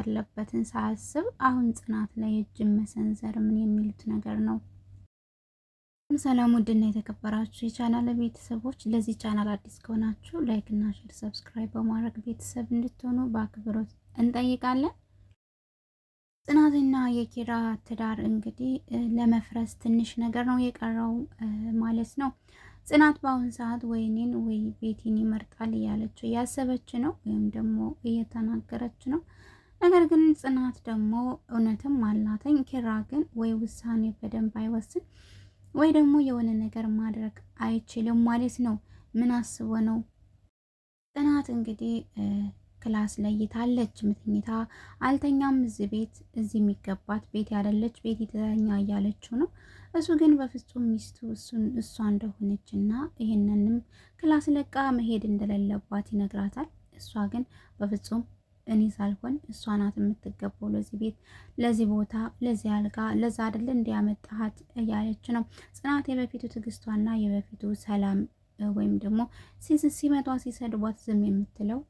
ያለበትን ሳያስብ አሁን ጽናት ላይ እጅን መሰንዘር ምን የሚሉት ነገር ነው? ሰላም ውድና የተከበራችሁ የቻናል ቤተሰቦች፣ ለዚህ ቻናል አዲስ ከሆናችሁ ላይክ እና ሼር፣ ሰብስክራይብ በማድረግ ቤተሰብ እንድትሆኑ በአክብሮት እንጠይቃለን። ጽናትና የኪራ ትዳር እንግዲህ ለመፍረስ ትንሽ ነገር ነው የቀረው ማለት ነው። ጽናት በአሁን ሰዓት ወይኔን ወይ ቤቲን ይመርጣል እያለችው እያሰበች ነው፣ ወይም ደግሞ እየተናገረች ነው። ነገር ግን ጽናት ደግሞ እውነትም አላተኝ። ኪራ ግን ወይ ውሳኔ በደንብ አይወስን ወይ ደግሞ የሆነ ነገር ማድረግ አይችልም ማለት ነው። ምን አስቦ ነው? ጽናት እንግዲህ ክላስ ለይታለች። ምትኝታ አልተኛም፣ እዚህ ቤት እዚህ የሚገባት ቤት ያደለች ቤት የተኛ እያለችው ነው። እሱ ግን በፍጹም ሚስቱ እሱን እሷ እንደሆነች እና ይህንንም ክላስ ለቃ መሄድ እንደሌለባት ይነግራታል። እሷ ግን በፍጹም እኔ ሳልሆን እሷ ናት የምትገባው ለዚህ ቤት፣ ለዚህ ቦታ፣ ለዚህ አልጋ፣ ለዛ አይደለ እንዲያመጣሃት እያለች ነው ጽናት። የበፊቱ ትዕግስቷና የበፊቱ ሰላም ወይም ደግሞ ሲመጧ ሲሰድቧት ዝም የምትለው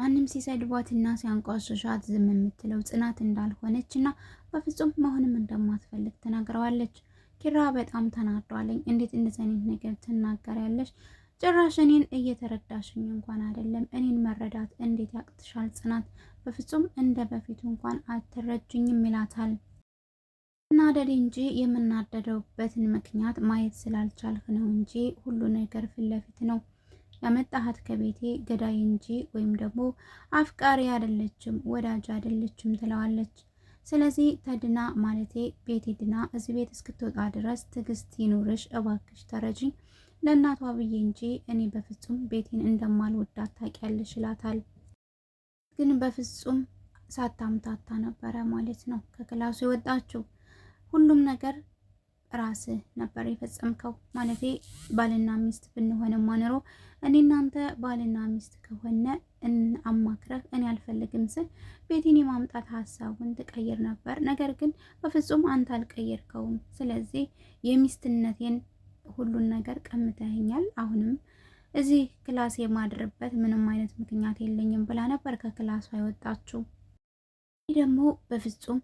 ማንም ሲሰድቧትና ሲያንቋሽሿት ዝም የምትለው ጽናት እንዳልሆነች እና በፍጹም መሆንም እንደማትፈልግ ትነግረዋለች። ኪራ በጣም ተናዷለኝ። እንዴት እንደዚህ አይነት ነገር ትናገሪያለሽ? ጭራሽ እኔን እየተረዳሽኝ እንኳን አይደለም። እኔን መረዳት እንዴት ያቅትሻል ጽናት? በፍጹም እንደ በፊቱ እንኳን አትረጅኝም ይላታል። እናደድ እንጂ የምናደደውበትን ምክንያት ማየት ስላልቻልክ ነው እንጂ ሁሉ ነገር ፊት ለፊት ነው። ያመጣሃት ከቤቴ ገዳይ እንጂ ወይም ደግሞ አፍቃሪ አይደለችም፣ ወዳጅ አይደለችም ትለዋለች። ስለዚህ ተድና ማለቴ ቤቴ ድና እዚህ ቤት እስክትወጣ ድረስ ትዕግስት ይኑርሽ እባክሽ ተረጅኝ ለእናቷ ብዬ እንጂ እኔ በፍጹም ቤቴን እንደማልወዳት ታውቂያለሽ ይላታል። ግን በፍጹም ሳታምታታ ነበረ ማለት ነው ከክላሱ የወጣችው። ሁሉም ነገር ራስህ ነበር የፈጸምከው። ማለቴ ባልና ሚስት ብንሆን ማኖሮ እኔ እናንተ ባልና ሚስት ከሆነ አማክረህ እኔ አልፈልግም ስል ቤቴን የማምጣት ሀሳቡን ትቀይር ነበር። ነገር ግን በፍጹም አንተ አልቀየርከውም። ስለዚህ የሚስትነቴን ሁሉን ነገር ቀምተህኛል። አሁንም እዚህ ክላስ የማድርበት ምንም አይነት ምክንያት የለኝም ብላ ነበር ከክላሱ አይወጣችው። ይህ ደግሞ በፍጹም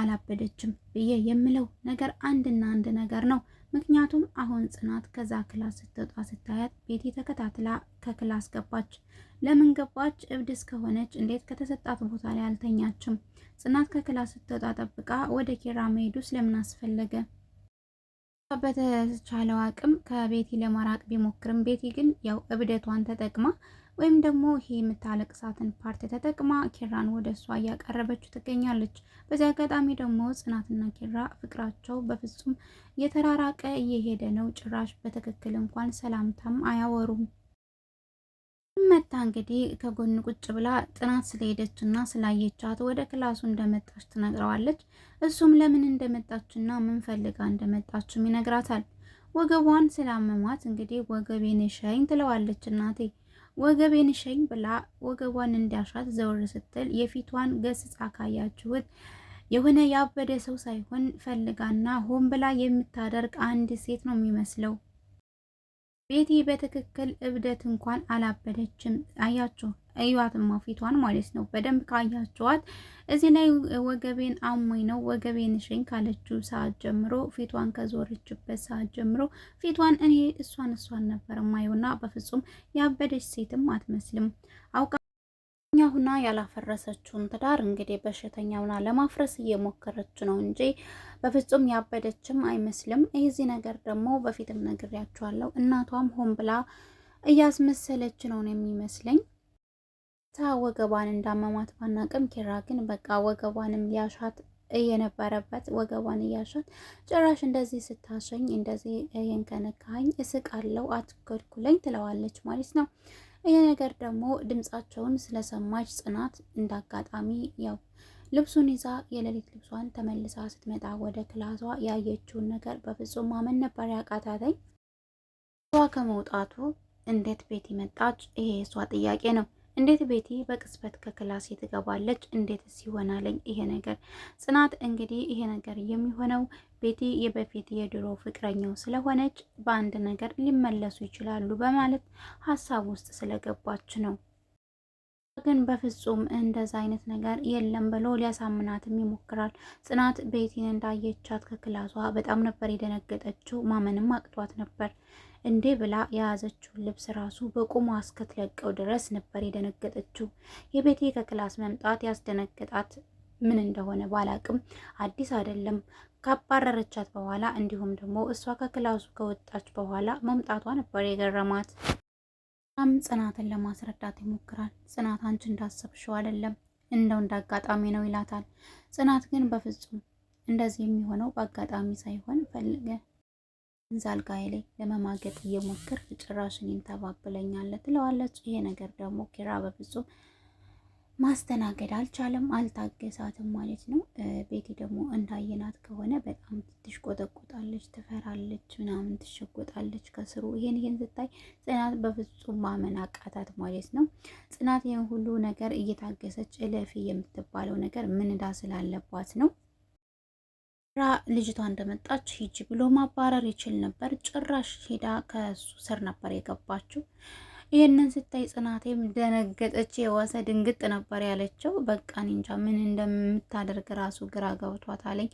አላበደችም ብዬ የምለው ነገር አንድና አንድ ነገር ነው። ምክንያቱም አሁን ጽናት ከዛ ክላስ ስትወጣ ስታያት ቤቲ ተከታትላ ከክላስ ገባች። ለምን ገባች? እብድ እስከሆነች እንዴት ከተሰጣት ቦታ ላይ አልተኛችም? ጽናት ከክላስ ስትወጣ ጠብቃ ወደ ኪራ መሄዱ ስለምን አስፈለገ? በተቻለው አቅም ከቤቲ ለማራቅ ቢሞክርም ቤቲ ግን ያው እብደቷን ተጠቅማ ወይም ደግሞ ይሄ የምታለቅሳትን ፓርት ተጠቅማ ኪራን ወደ እሷ እያቀረበችው ትገኛለች። በዚህ አጋጣሚ ደግሞ ጽናትና ኪራ ፍቅራቸው በፍጹም እየተራራቀ እየሄደ ነው። ጭራሽ በትክክል እንኳን ሰላምታም አያወሩም። መታ እንግዲህ ከጎን ቁጭ ብላ ጥናት ስለሄደች እና ስላየቻት ወደ ክላሱ እንደመጣች ትነግረዋለች። እሱም ለምን እንደመጣችና ምን ፈልጋ እንደመጣችም ይነግራታል። ወገቧን ስላመሟት እንግዲህ ወገቤን ሸኝ ትለዋለች። እናቴ ወገቤን ሸኝ ብላ ወገቧን እንዲያሻት ዘውር ስትል የፊቷን ገጽታ ካያችሁት የሆነ ያበደ ሰው ሳይሆን ፈልጋና ሆን ብላ የምታደርግ አንድ ሴት ነው የሚመስለው። ቤቲ በትክክል እብደት እንኳን አላበደችም። አያችሁ እዩዋትማ ፊቷን ማለት ነው። በደንብ ካያችኋት እዚህ ላይ ወገቤን አሞኝ ነው ወገቤን ሽኝ ካለችው ሰዓት ጀምሮ ፊቷን ከዞረችበት ሰዓት ጀምሮ ፊቷን እኔ እሷን እሷን ነበር ማየውና በፍጹም ያበደች ሴትም አትመስልም አውቃ ሁና ያላፈረሰችውን ትዳር እንግዲህ በሽተኛ ሁና ለማፍረስ እየሞከረች ነው እንጂ በፍጹም ያበደችም አይመስልም። የዚህ ነገር ደግሞ በፊትም ነግሬያችኋለሁ። እናቷም ሆን ብላ እያስመሰለች ነው የሚመስለኝ። ታ ወገቧን እንዳመማት ባናቅም ኪራ ግን በቃ ወገቧንም ሊያሻት እየነበረበት ወገቧን እያሻት ጭራሽ እንደዚህ ስታሸኝ እንደዚህ የንከነካኝ እስቃለው አትኮልኩለኝ ትለዋለች ማለት ነው። ይህ ነገር ደግሞ ድምፃቸውን ስለሰማች ጽናት እንዳጋጣሚ ያው ልብሱን ይዛ የሌሊት ልብሷን ተመልሳ ስትመጣ ወደ ክላሷ ያየችውን ነገር በፍጹም ማመን ነበር ያቃታተኝ። እሷ ከመውጣቱ እንዴት ቤት መጣች? ይሄ የእሷ ጥያቄ ነው። እንዴት ቤቲ በቅጽበት ከክላስ ትገባለች? እንዴትስ ይሆናለኝ ይሄ ነገር? ጽናት እንግዲህ ይሄ ነገር የሚሆነው ቤቲ የበፊት የድሮ ፍቅረኛው ስለሆነች በአንድ ነገር ሊመለሱ ይችላሉ በማለት ሀሳብ ውስጥ ስለገባች ነው። ግን በፍጹም እንደዛ አይነት ነገር የለም ብሎ ሊያሳምናትም ይሞክራል። ጽናት ቤቲን እንዳየቻት ከክላሷ በጣም ነበር የደነገጠችው። ማመንም አቅቷት ነበር። እንዴ ብላ የያዘችውን ልብስ ራሱ በቁሟ እስክትለቀው ድረስ ነበር የደነገጠችው። የቤቴ ከክላስ መምጣት ያስደነገጣት ምን እንደሆነ ባላቅም አዲስ አይደለም። ካባረረቻት በኋላ እንዲሁም ደግሞ እሷ ከክላሱ ከወጣች በኋላ መምጣቷ ነበር የገረማት። በጣም ጽናትን ለማስረዳት ይሞክራል። ጽናት አንቺ እንዳሰብሽው አይደለም፣ እንደው እንዳጋጣሚ ነው ይላታል። ጽናት ግን በፍጹም እንደዚህ የሚሆነው በአጋጣሚ ሳይሆን ፈልገ እንዛ አልጋዬ ላይ ለመማገጥ እየሞከርክ ጭራሽ እኔን ትለዋለች። ይሄ ነገር ደግሞ ኪራ በፍጹም ማስተናገድ አልቻለም፣ አልታገሳትም ማለት ነው። ቤቲ ደግሞ እንዳየናት ከሆነ በጣም ትሽቆጠቆጣለች፣ ትፈራለች፣ ምናምን ትሸጎጣለች ከስሩ። ይሄን ይሄን ስታይ ጽናት በፍጹም ማመን አቃታት ማለት ነው። ጽናት ይህን ሁሉ ነገር እየታገሰች እለፊ የምትባለው ነገር ምንዳ ስላለባት ነው። ራ ልጅቷ እንደመጣች ሂጂ ብሎ ማባረር ይችል ነበር። ጭራሽ ሄዳ ከሱ ስር ነበር የገባችው። ይህንን ስታይ ጽናቴም ደነገጠች። የዋሰ ድንግጥ ነበር ያለችው። በቃ እንጃ ምን እንደምታደርግ ራሱ ግራ ገብቷታለኝ።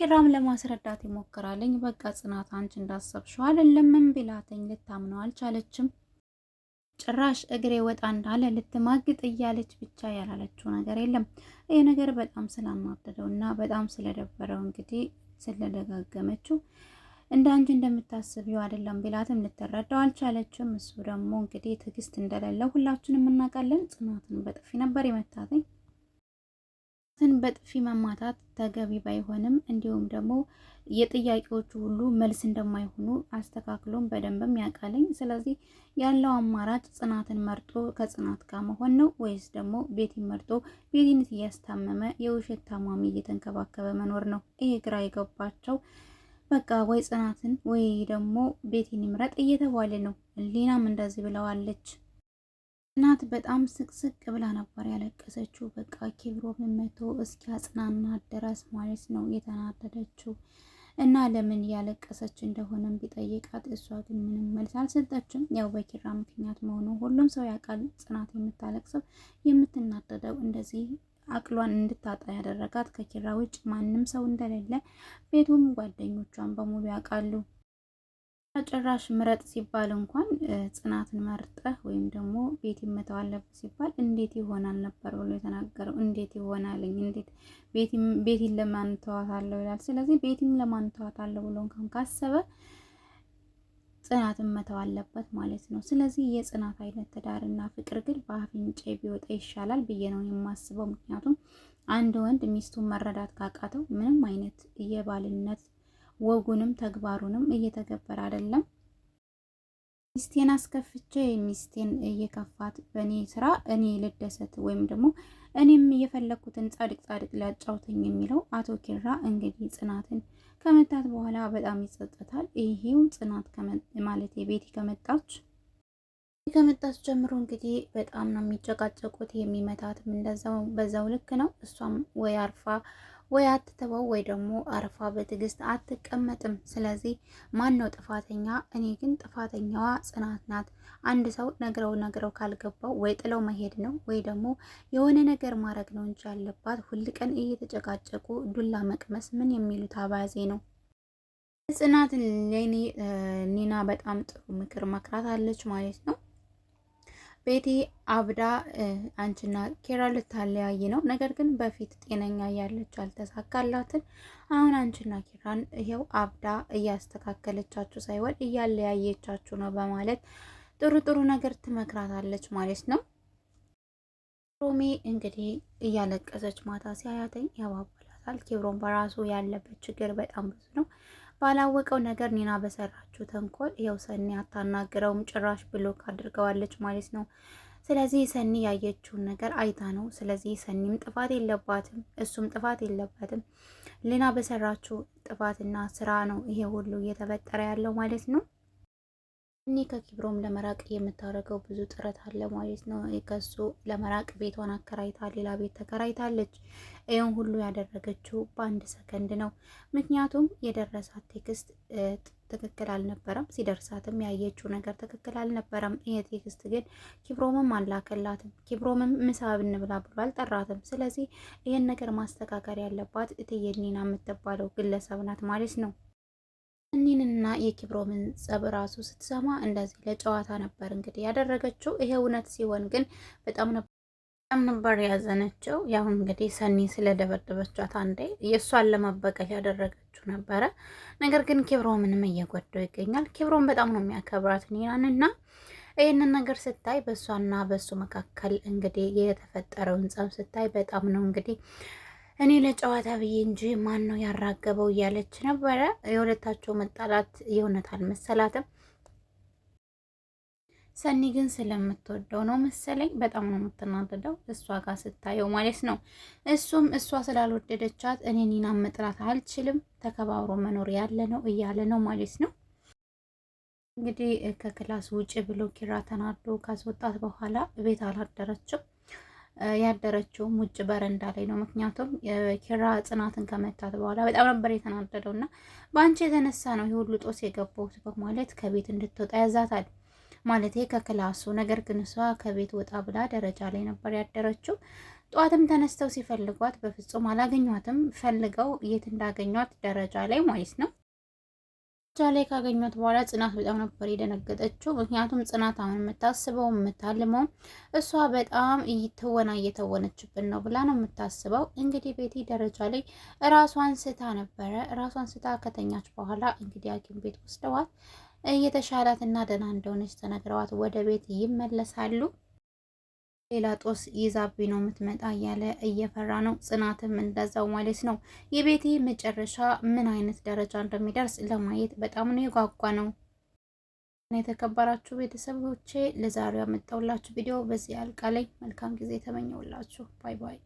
ኪራም ለማስረዳት ይሞክራለኝ። በቃ ጽናት አንቺ እንዳሰብሽው አይደለም ቢላተኝ ልታምነው አልቻለችም። ጭራሽ እግሬ ወጣ እንዳለ ልትማግጥ እያለች ብቻ ያላለችው ነገር የለም። ይህ ነገር በጣም ስላናደደው እና በጣም ስለደበረው እንግዲህ ስለደጋገመችው እንደ አንቺ እንደምታስቢው አይደለም ቢላትም ልትረዳው አልቻለችም። እሱ ደግሞ እንግዲህ ትዕግስት እንደሌለው ሁላችንም እናውቃለን። ጽናትን በጥፊ ነበር የመታተኝ። ትን በጥፊ መማታት ተገቢ ባይሆንም እንዲሁም ደግሞ የጥያቄዎቹ ሁሉ መልስ እንደማይሆኑ አስተካክሎም በደንብም ያውቃልኝ። ስለዚህ ያለው አማራጭ ጽናትን መርጦ ከጽናት ጋር መሆን ነው ወይስ ደግሞ ቤቲን መርጦ ቤቲን እያስታመመ የውሸት ታማሚ እየተንከባከበ መኖር ነው? ይሄ ግራ የገባቸው በቃ ወይ ጽናትን ወይ ደግሞ ቤቲን ይምረጥ እየተባለ ነው። ሊናም እንደዚህ ብለዋለች። ናት በጣም ስቅስቅ ብላ ነበር ያለቀሰችው። በቃ ኪብሮምን መቶ አጽናና ድረስ ማለት ነው የተናደደችው እና ለምን ያለቀሰች እንደሆነም ቢጠይቃት እሷ ግን ምንም መልስ አልሰጠችም። ያው በኪራ ምክንያት መሆኑ ሁሉም ሰው ያውቃል። ጽናት የምታለቅሰው የምትናደደው እንደዚህ አቅሏን እንድታጣ ያደረጋት ከኪራ ውጭ ማንም ሰው እንደሌለ ቤቱም ጓደኞቿን በሙሉ ያውቃሉ። ጭራሽ ምረጥ ሲባል እንኳን ጽናትን መርጠህ ወይም ደግሞ ቤት ይመተው አለበት ሲባል እንዴት ይሆናል ነበር ብሎ የተናገረው። እንዴት ይሆናልኝ እንዴት ቤቲን ለማን ተዋታለሁ ይላል። ስለዚህ ቤቲን ለማን ተዋታለሁ ብሎ እንኳን ካሰበ ጽናትን መተው አለበት ማለት ነው። ስለዚህ የጽናት አይነት ትዳርና ፍቅር ግን በአፍንጫ ቢወጣ ይሻላል ብዬ ነው የማስበው። ምክንያቱም አንድ ወንድ ሚስቱን መረዳት ካቃተው ምንም አይነት የባልነት ወጉንም ተግባሩንም እየተገበረ አይደለም። ሚስቴን አስከፍቼ ሚስቴን እየከፋት በእኔ ስራ እኔ ልደሰት ወይም ደግሞ እኔም እየፈለግኩትን ጻድቅ ጻድቅ ሊያጫውተኝ የሚለው አቶ ኪራ እንግዲህ ጽናትን ከመታት በኋላ በጣም ይጸጸታል። ይሄው ጽናት ማለት ቤቲ ከመጣች ከመጣች ጀምሮ እንግዲህ በጣም ነው የሚጨቃጨቁት። የሚመታትም እንደዛው በዛው ልክ ነው። እሷም ወይ አርፋ ወይ አትተወው ወይ ደግሞ አርፋ በትዕግስት አትቀመጥም። ስለዚህ ማን ነው ጥፋተኛ? እኔ ግን ጥፋተኛዋ ጽናት ናት። አንድ ሰው ነግረው ነግረው ካልገባው ወይ ጥለው መሄድ ነው ወይ ደግሞ የሆነ ነገር ማድረግ ነው እንጂ ያለባት ሁል ቀን እየተጨቃጨቁ ዱላ መቅመስ ምን የሚሉት አባዜ ነው። ጽናት ለኔ ኒና በጣም ጥሩ ምክር መክራት አለች ማለት ነው። ቤቲ አብዳ አንቺና ኬራ ልታለያይ ነው። ነገር ግን በፊት ጤነኛ ያለች አልተሳካላትን። አሁን አንቺና ኬራን ይኸው አብዳ እያስተካከለቻችሁ ሳይሆን እያለያየቻችሁ ነው በማለት ጥሩ ጥሩ ነገር ትመክራታለች ማለት ነው። ሮሚ እንግዲህ እያለቀሰች ማታ ሲያያተኝ ያባባላታል። ኬብሮን በራሱ ያለበት ችግር በጣም ብዙ ነው። ባላወቀው ነገር ኒና በሰራችው ተንኮል ያው ሰኒ አታናግረውም ጭራሽ ብሎክ አድርገዋለች ማለት ነው። ስለዚህ ሰኒ ያየችውን ነገር አይታ ነው። ስለዚህ ሰኒም ጥፋት የለባትም፣ እሱም ጥፋት የለባትም። ሊና በሰራችው ጥፋትና ስራ ነው ይሄ ሁሉ እየተፈጠረ ያለው ማለት ነው። እኔ ከኪብሮም ለመራቅ የምታደርገው ብዙ ጥረት አለ ማለት ነው። ከሱ ለመራቅ ቤቷን አከራይታ ሌላ ቤት ተከራይታለች። ይህን ሁሉ ያደረገችው በአንድ ሰከንድ ነው። ምክንያቱም የደረሳት ቴክስት ትክክል አልነበረም። ሲደርሳትም ያየችው ነገር ትክክል አልነበረም። ይሄ ቴክስት ግን ኪብሮምም አላከላትም። ኪብሮምም ምሳ ብንብላ ብሎ አልጠራትም። ስለዚህ ይህን ነገር ማስተካከል ያለባት እትዬ የምትባለው ግለሰብ ናት ማለት ነው። እኒንና የኪብሮምን ጸብ ራሱ ስትሰማ እንደዚህ ለጨዋታ ነበር እንግዲህ ያደረገችው። ይሄ እውነት ሲሆን ግን በጣም ነበር ያዘነችው። ያው እንግዲህ ሰኒ ስለደበደበቻት አንዴ የእሷን ለመበቀል ያደረገችው ነበረ። ነገር ግን ኪብሮምንም እየጎዳው ይገኛል። ኬብሮን በጣም ነው የሚያከብራት ኒናን እና ይህንን ነገር ስታይ በእሷና በእሱ መካከል እንግዲህ የተፈጠረውን ጸብ ስታይ በጣም ነው እንግዲህ እኔ ለጨዋታ ብዬ እንጂ ማን ነው ያራገበው እያለች ነበረ። የሁለታቸው መጣላት የእውነት አልመሰላትም። ሰኒ ግን ስለምትወደው ነው መሰለኝ በጣም ነው የምትናደደው እሷ ጋር ስታየው ማለት ነው። እሱም እሷ ስላልወደደቻት እኔ ኒና መጥላት አልችልም፣ ተከባብሮ መኖር ያለ ነው እያለ ነው ማለት ነው። እንግዲህ ከክላስ ውጭ ብሎ ኪራ ተናዶ ካስወጣት በኋላ ቤት አላደረችም። ያደረችውም ውጭ በረንዳ ላይ ነው። ምክንያቱም ኪራ ጽናትን ከመታት በኋላ በጣም ነበር የተናደደው እና በአንቺ የተነሳ ነው የሁሉ ጦስ የገባሁት በማለት ከቤት እንድትወጣ ያዛታል። ማለቴ ከክላሱ ነገር ግን እሷ ከቤት ወጣ ብላ ደረጃ ላይ ነበር ያደረችው። ጠዋትም ተነስተው ሲፈልጓት በፍጹም አላገኟትም። ፈልገው የት እንዳገኟት ደረጃ ላይ ማለት ነው እዛ ላይ ካገኟት በኋላ ጽናት በጣም ነበር የደነገጠችው። ምክንያቱም ጽናት አሁን የምታስበው የምታልመው እሷ በጣም ትወና እየተወነችብን ነው ብላ ነው የምታስበው። እንግዲህ ቤቲ ደረጃ ላይ እራሷን ስታ ነበረ። እራሷን ስታ ከተኛች በኋላ እንግዲህ ሐኪም ቤት ወስደዋት እየተሻላት እና ደህና እንደሆነች ተነግረዋት ወደ ቤት ይመለሳሉ። ሌላ ጦስ ይዛብኝ ነው የምትመጣ እያለ እየፈራ ነው። ጽናትም እንደዛው ማለት ነው። የቤቴ መጨረሻ ምን አይነት ደረጃ እንደሚደርስ ለማየት በጣም ነው የጓጓ ነው። የተከበራችሁ ቤተሰቦቼ ለዛሬው ያመጣውላችሁ ቪዲዮ በዚህ ያልቃለኝ መልካም ጊዜ ተመኘውላችሁ። ባይ ባይ።